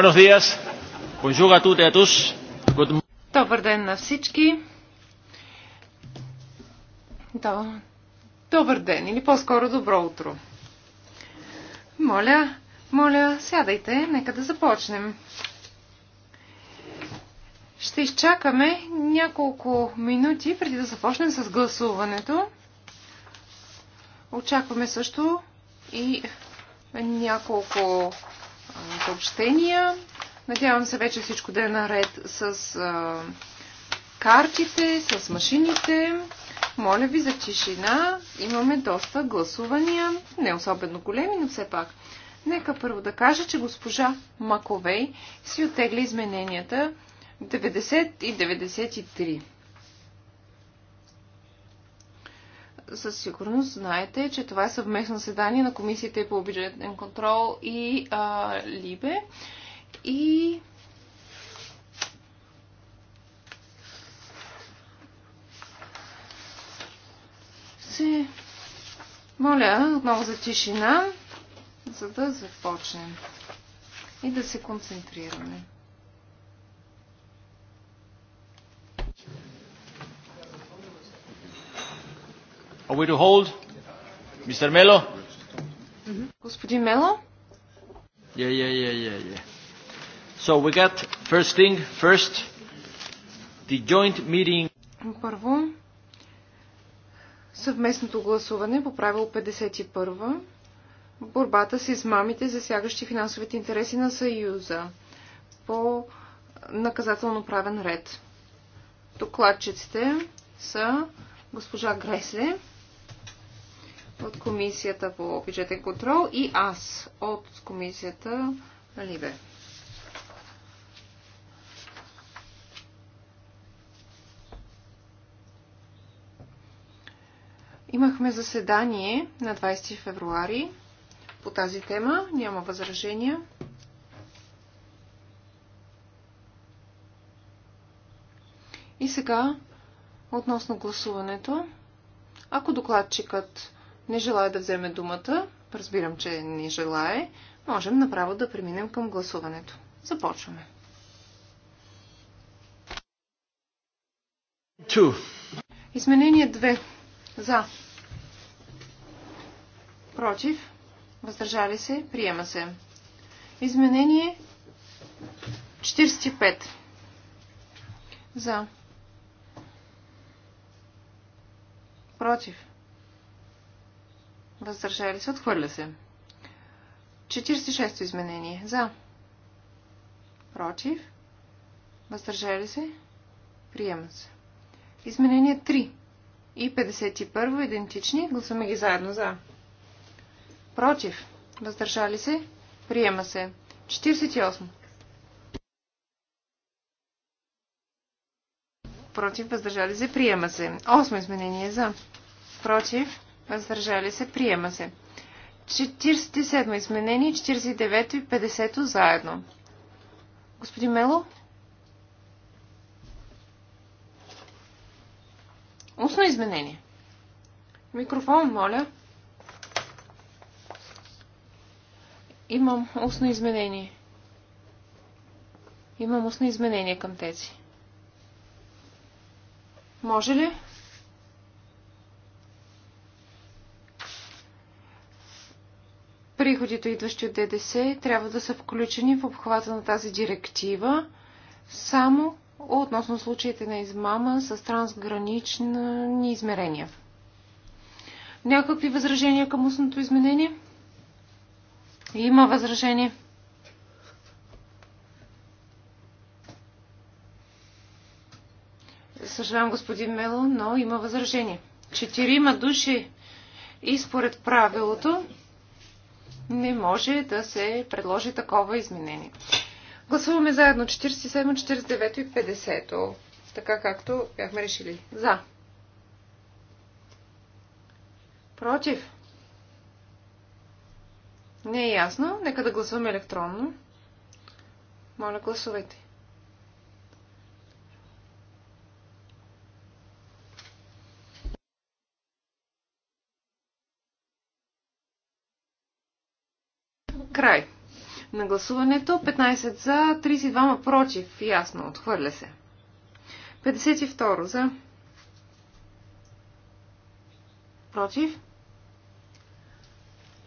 Buenos días. Conjuga tu te туш. Добър ден на всички. Да. Добър ден или по-скоро добро утро. Моля, моля, сядайте, нека да започнем. Ще изчакаме няколко минути преди да започнем с гласуването. Очакваме също и няколко съобщения. Надявам се вече всичко да е наред с а, картите, с машините. Моля ви за тишина. Имаме доста гласувания, не особено големи, но все пак. Нека първо да кажа, че госпожа Маковей си отегли измененията 90 и 93. със сигурност знаете, че това е съвместно заседание на комисиите по бюджетен контрол и а, Либе. И се моля отново за тишина, за да започнем и да се концентрираме. Are we to hold? Mr. Melo? Господин Мело? Yeah, yeah, yeah, yeah, yeah. So we got first thing first, the joint meeting. Първо, съвместното гласуване по правило 51, борбата с измамите, засягащи финансовите интереси на Съюза по наказателно правен ред. Докладчиците са госпожа Гресле, от Комисията по бюджетен контрол и аз от Комисията на Либе. Имахме заседание на 20 февруари по тази тема. Няма възражения. И сега, относно гласуването, ако докладчикът не желая да вземе думата, разбирам, че не желая. можем направо да преминем към гласуването. Започваме. Two. Изменение 2. За. Против. Въздържали се. Приема се. Изменение 45. За. Против. Въздържали се. Отхвърля се. 46-то изменение. За. Против. Въздържали се. Приема се. Изменение 3 и 51 идентични. Гласаме ги заедно за. Против. Въздържали се. Приема се. 48. Против. Въздържали се. Приема се. Осмо изменение за. Против въздържали се, приема се. 47 изменение, 49 и 50 заедно. Господин Мело? Устно изменение. Микрофон, моля. Имам устно изменение. Имам устно изменение към тези. Може ли? приходите, идващи от ДДС, трябва да са включени в обхвата на тази директива само относно случаите на измама с трансгранични измерения. Някакви възражения към устното изменение? Има възражение. Съжалявам, господин Мело, но има възражение. Четирима души и според правилото не може да се предложи такова изменение. Гласуваме заедно 47, 49 и 50. Така както бяхме решили. За. Против. Не е ясно. Нека да гласуваме електронно. Моля, гласувайте. Край. На гласуването 15 за, 32 против. Ясно, отхвърля се. 52 за. Против.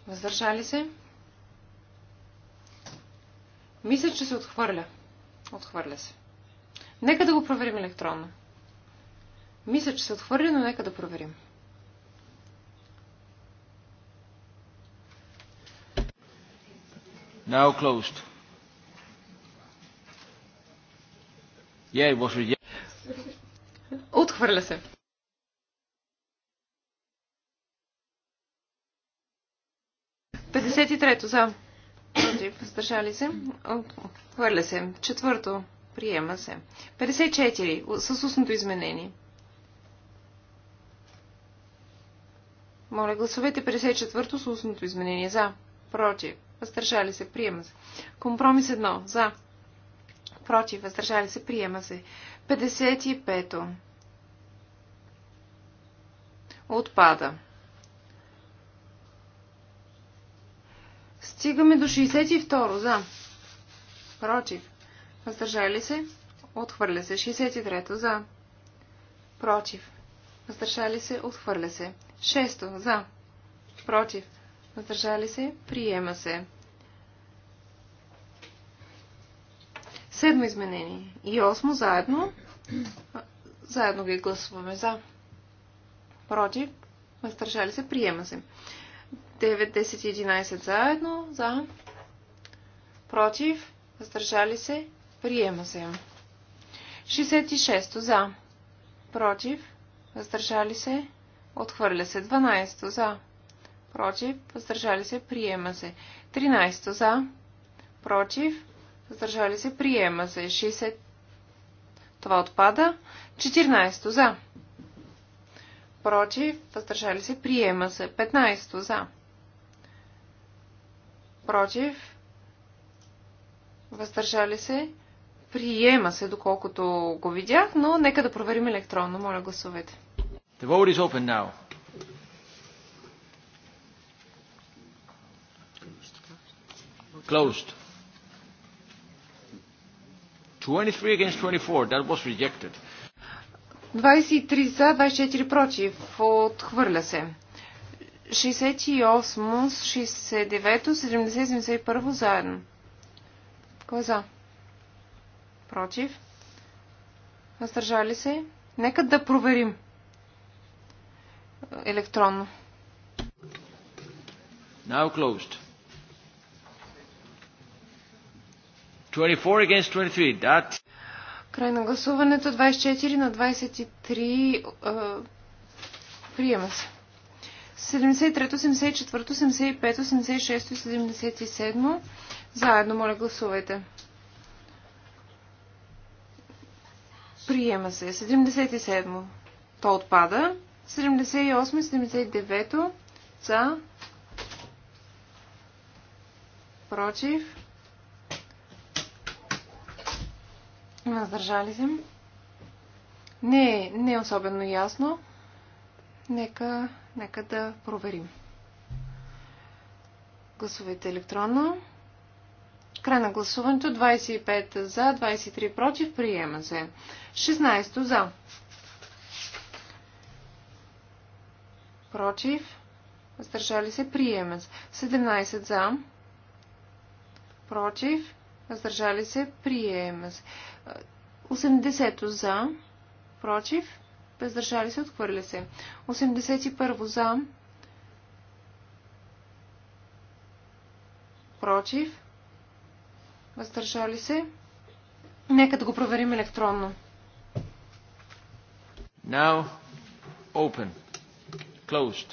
Въздържали се. Мисля, че се отхвърля. Отхвърля се. Нека да го проверим електронно. Мисля, че се отхвърля, но нека да проверим. Now closed. Yeah, it was rejected. Отхвърля се. Петдесет и трето за. Против. Въздържали се. Отхвърля се. Четвърто. Приема се. 54. С устното изменение. Моля, гласовете 54 то с устното изменение. За. Против въздържали се, приема се. Компромис 1 за, против, въздържали се, приема се. 55-то отпада. Стигаме до 62 за, против, въздържали се, отхвърля се. 63 за, против, въздържали се, отхвърля се. 6 за, против, Въздържали се? Приема се. Седмо изменение. И осмо заедно. Заедно ги гласуваме за. Против. Въздържали се. Приема се. 9, 10 и 11 заедно. За. Против. Въздържали се. Приема се. 66 за. Против. Въздържали се. Отхвърля се. 12 за против, въздържали се, приема се. 13 за, против, въздържали се, приема се. 60. Това отпада. 14 за, против, въздържали се, приема се. 15 за, против, въздържали се, приема се, доколкото го видях, но нека да проверим електронно. Моля, гласувайте. The vote is open now. Closed. 23 against 24. That was rejected. 23 за, 24 против. Отхвърля се. 68 69, 70, 71 заедно. Кой е за? Против? Въздържали се? Нека да проверим. Електронно. Now closed. 24 against 23. That... Край на гласуването 24 на 23 uh, приема се. 73, 74, 75, 86 и 77. Заедно, моля, гласувайте. Приема се. 77. То отпада. 78 79 за. Против. Въздържали се. Не, не е особено ясно. Нека, нека да проверим. Гласувайте електронно. Край на гласуването. 25 за, 23 против. Приема се. 16 за. Против. Въздържали се. Приема се. 17 за. Против. Въздържали се. Приема се. 80 за, против, въздържали се, отхвърля се. 81 за, против, въздържали се. Нека да го проверим електронно. Now, open. Closed.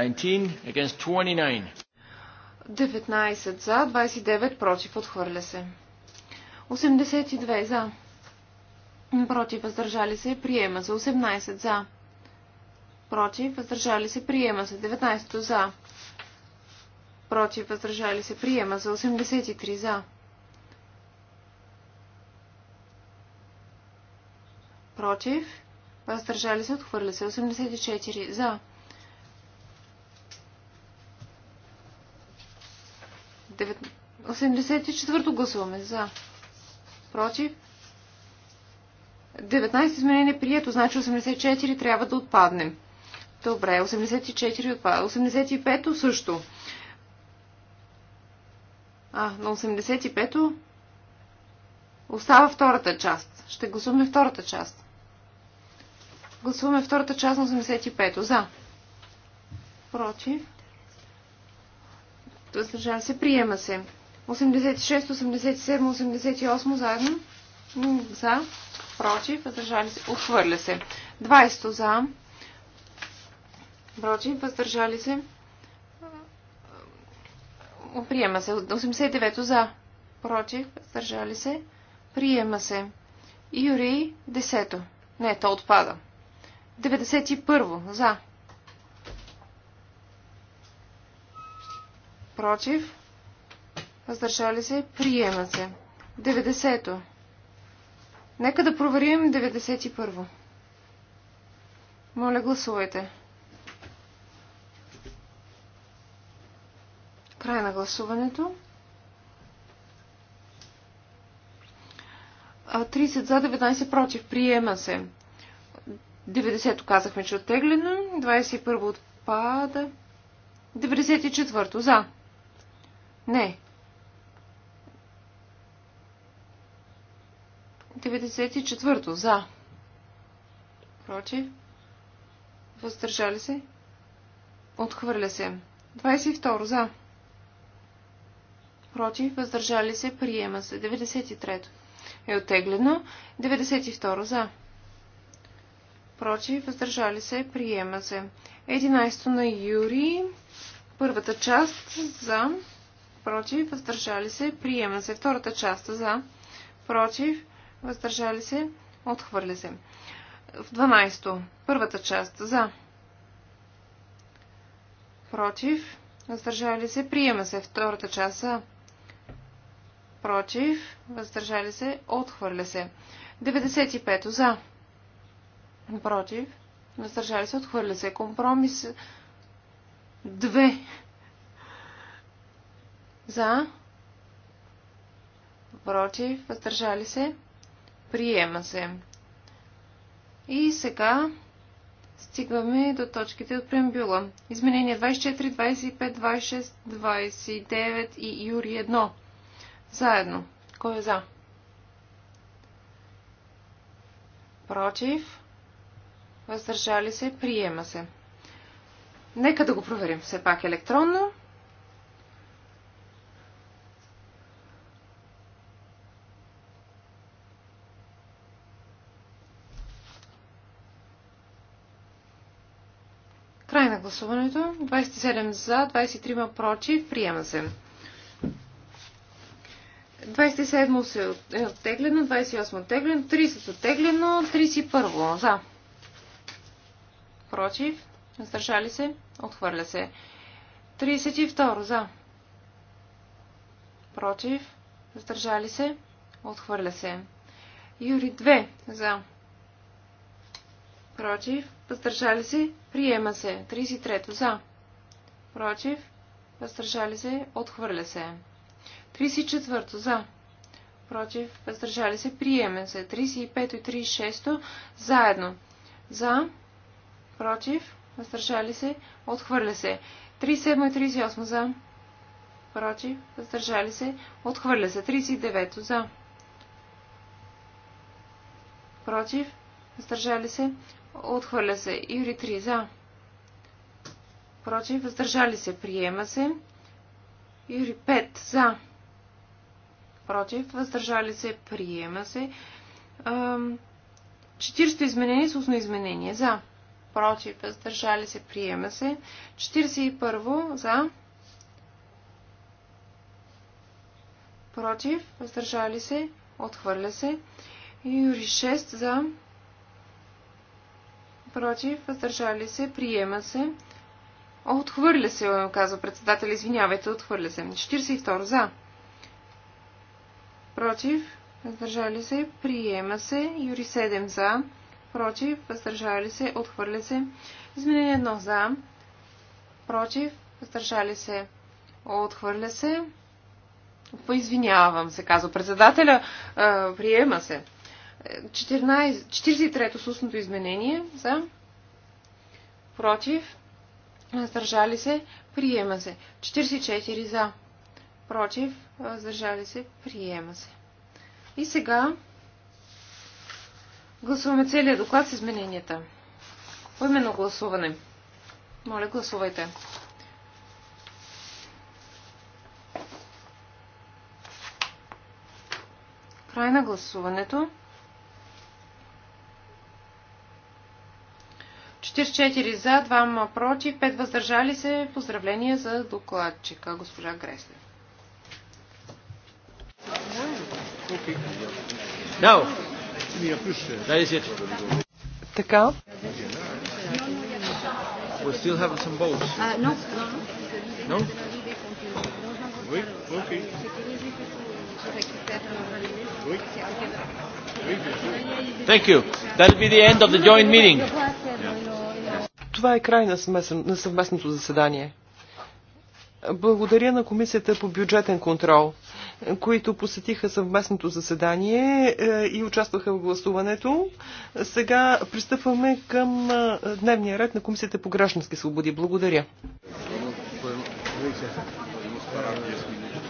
Nineteen against twenty-nine. 19 за, 29 против, отхвърля се. 82 за. Против, въздържали се, приема се. 18 за. Против, въздържали се, приема се. 19 за. Против, въздържали се, приема се. 83 за. Против, въздържали се, отхвърля се. 84 за. 84-то гласуваме за. Против. 19 изменение прието, значи 84 трябва да отпаднем. Добре, 84 отпада. 85-то също. А, на 85-то остава втората част. Ще гласуваме втората част. Гласуваме втората част на 85-то. За. Против. Въздържава се. Приема се. 86, 87, 88 заедно. За. Против. Въздържали се. Отхвърля се. 20 за. Против. Въздържали се. Приема се. 89 за. Против. Въздържали се. Приема се. Юрий 10. Не, то отпада. 91 за. Против. Въздържали се. Приема се. 90-то. Нека да проверим 91-во. Моля, гласувайте. Край на гласуването. 30 за, 19 против. Приема се. 90-то казахме, че е оттеглено. 21-то отпада. 94-то за. Не. 94 за. Против. Въздържали се. Отхвърля се. 22 за. Против. Въздържали се. Приема се. 93 е оттеглено. 92 за. Против. Въздържали се. Приема се. 11 на Юри. Първата част за. Против. Въздържали се. Приема се. Втората част за. Против въздържали се, отхвърля се. В 12. Първата част за. Против. Въздържали се. Приема се. Втората част за. Против. Въздържали се. Отхвърля се. 95. За. Против. Въздържали се. Отхвърля се. Компромис. 2. За. Против. Въздържали се. Приема се. И сега стигваме до точките от преамбюла. Изменение 24, 25, 26, 29 и Юри 1. Заедно. Кой е за? Против. Въздържали се. Приема се. Нека да го проверим все пак електронно. гласуването. 27 за, 23 против. Приема се. 27 се е оттеглено, 28 оттеглено, 30 оттеглено, 31 за. Против. Въздържали се. Отхвърля се. 32 за. Против. Въздържали се. Отхвърля се. Юри 2 за против, въздържали се, приема се. 33 за, против, въздържали се, отхвърля се. 34 за, против, въздържали се, приема се. 35 и 36 заедно. За, против, въздържали се, отхвърля се. 37 и 38 за, против, въздържали се, отхвърля се. 39 за, против, въздържали се, Отхвърля се. Юри 3 за. Против. Въздържали се. Приема се. Юри 5 за. Против. Въздържали се. Приема се. 40 изменение с устно изменение. За. Против. Въздържали се. Приема се. 41 за. Против. Въздържали се. Отхвърля се. Юри 6 за против, въздържали се, приема се. Отхвърля се, казва председател, Извинявайте, отхвърля се. 42. За. Против. Въздържали се. Приема се. Юри 7. За. Против. Въздържали се. Отхвърля се. Изменение 1. За. Против. Въздържали се. Отхвърля се. Поизвинявам се, казва председателя. Е, приема се. 43-то сусното изменение за против, въздържали се, приема се. 44 за против, въздържали се, приема се. И сега гласуваме целият доклад с измененията. Поименно гласуване. Моля, гласувайте. Край на гласуването. 44 за, 2 против, 5 въздържали се. Поздравления за докладчика, госпожа Гресле. Така. Thank you. That'll be the end of the joint meeting. Това е край на, съместно, на съвместното заседание. Благодаря на Комисията по бюджетен контрол, които посетиха съвместното заседание е, и участваха в гласуването. Сега пристъпваме към е, дневния ред на Комисията по граждански свободи. Благодаря.